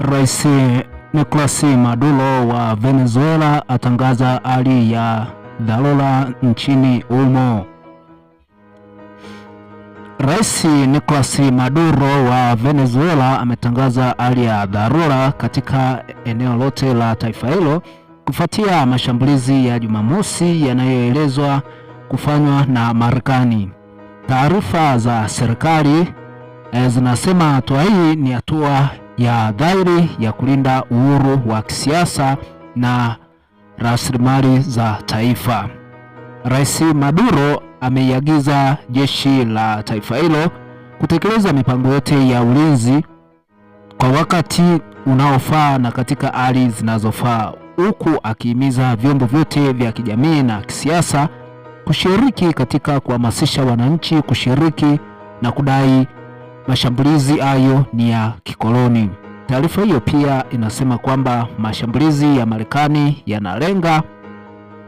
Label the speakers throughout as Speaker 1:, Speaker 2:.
Speaker 1: Rais eh, Nicolas Maduro wa Venezuela atangaza hali ya dharura nchini humo. Rais Nicolas Maduro wa Venezuela ametangaza hali ya dharura katika eneo lote la taifa hilo kufuatia mashambulizi ya Jumamosi yanayoelezwa kufanywa na Marekani. Taarifa za serikali eh, zinasema hatua hii ni hatua ya dhahiri ya kulinda uhuru wa kisiasa na rasilimali za taifa. Rais Maduro ameiagiza jeshi la taifa hilo kutekeleza mipango yote ya ulinzi kwa wakati unaofaa na katika hali zinazofaa, huku akihimiza vyombo vyote vya kijamii na kisiasa kushiriki katika kuhamasisha wananchi kushiriki na kudai Mashambulizi hayo ni ya kikoloni. Taarifa hiyo pia inasema kwamba mashambulizi ya Marekani yanalenga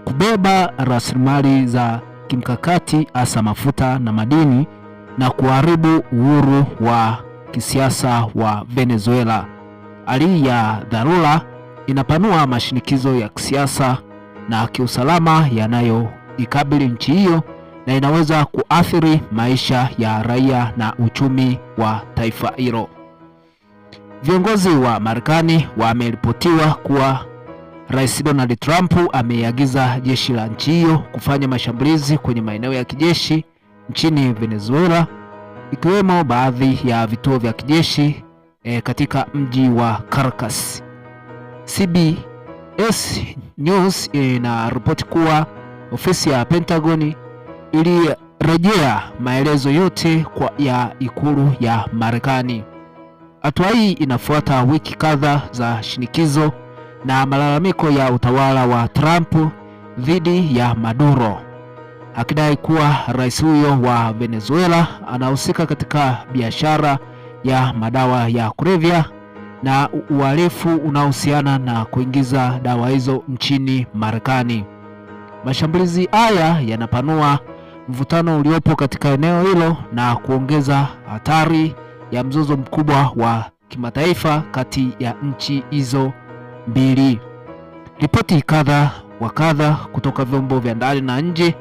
Speaker 1: kubeba rasilimali za kimkakati hasa mafuta na madini na kuharibu uhuru wa kisiasa wa Venezuela. Hali ya dharura inapanua mashinikizo ya kisiasa na kiusalama yanayoikabili nchi hiyo na inaweza kuathiri maisha ya raia na uchumi wa taifa hilo.
Speaker 2: Viongozi wa Marekani wameripotiwa kuwa Rais Donald Trump ameiagiza jeshi la nchi hiyo kufanya mashambulizi kwenye maeneo ya kijeshi nchini Venezuela ikiwemo baadhi ya vituo vya kijeshi e, katika mji wa Caracas. CBS News eh, inaripoti kuwa ofisi ya Pentagoni ilirejea maelezo yote kwa ya ikulu ya Marekani. Hatua hii inafuata wiki kadhaa za shinikizo na malalamiko ya utawala wa Trump dhidi ya Maduro, akidai kuwa rais huyo wa Venezuela anahusika katika biashara ya madawa ya kulevya na uhalifu unaohusiana na kuingiza dawa hizo nchini Marekani. Mashambulizi haya yanapanua mvutano uliopo katika eneo hilo na kuongeza hatari ya mzozo mkubwa wa kimataifa kati ya nchi hizo mbili. Ripoti kadha wa kadha kutoka vyombo vya ndani na nje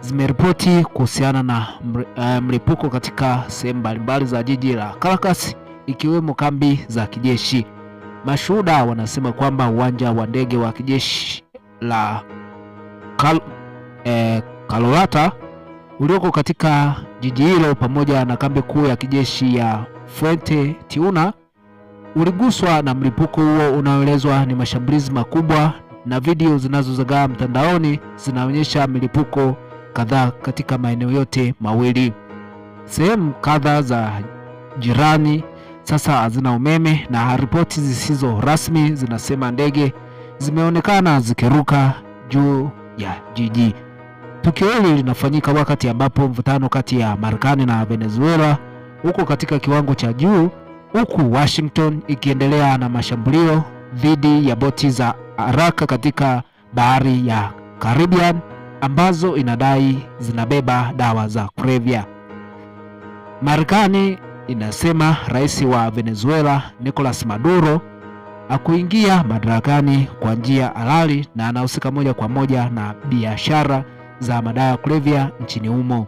Speaker 2: zimeripoti kuhusiana na eh, mlipuko katika sehemu mbalimbali za jiji la Caracas ikiwemo kambi za kijeshi. Mashuhuda wanasema kwamba uwanja wa ndege wa kijeshi la Kal, eh, Kalorata ulioko katika jiji hilo pamoja na kambi kuu ya kijeshi ya Fuente Tiuna uliguswa na mlipuko huo unaoelezwa ni mashambulizi makubwa, na video zinazozagaa mtandaoni zinaonyesha milipuko kadhaa katika maeneo yote mawili. Sehemu kadhaa za jirani sasa hazina umeme, na ripoti zisizo rasmi zinasema ndege zimeonekana zikiruka juu ya jiji. Tukio hili linafanyika wakati ambapo mvutano kati ya Marekani na Venezuela uko katika kiwango cha juu, huku Washington ikiendelea na mashambulio dhidi ya boti za haraka katika bahari ya Caribbean ambazo inadai zinabeba dawa za kulevya. Marekani inasema rais wa Venezuela Nicolas Maduro hakuingia madarakani kwa njia halali na anahusika moja kwa moja na biashara za madawa ya kulevya nchini humo.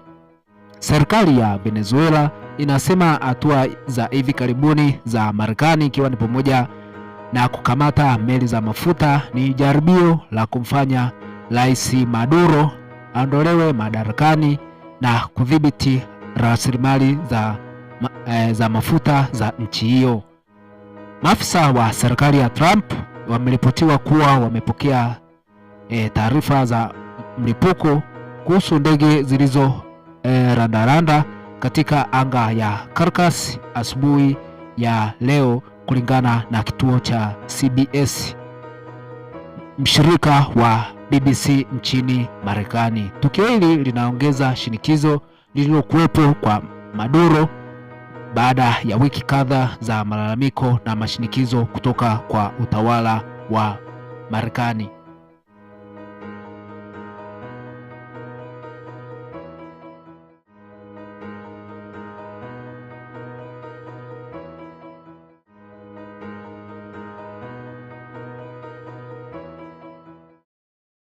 Speaker 2: Serikali ya Venezuela inasema hatua za hivi karibuni za Marekani ikiwa ni pamoja na kukamata meli za mafuta ni jaribio la kumfanya Rais Maduro aondolewe madarakani na kudhibiti rasilimali za, e, za mafuta za nchi hiyo. Maafisa wa serikali ya Trump wameripotiwa kuwa wamepokea e, taarifa za mlipuko kuhusu ndege zilizo e, randaranda katika anga ya Caracas asubuhi ya leo, kulingana na kituo cha CBS mshirika wa BBC nchini Marekani. Tukio hili linaongeza shinikizo lililokuwepo kwa Maduro baada ya wiki kadhaa za malalamiko na mashinikizo kutoka kwa utawala wa Marekani.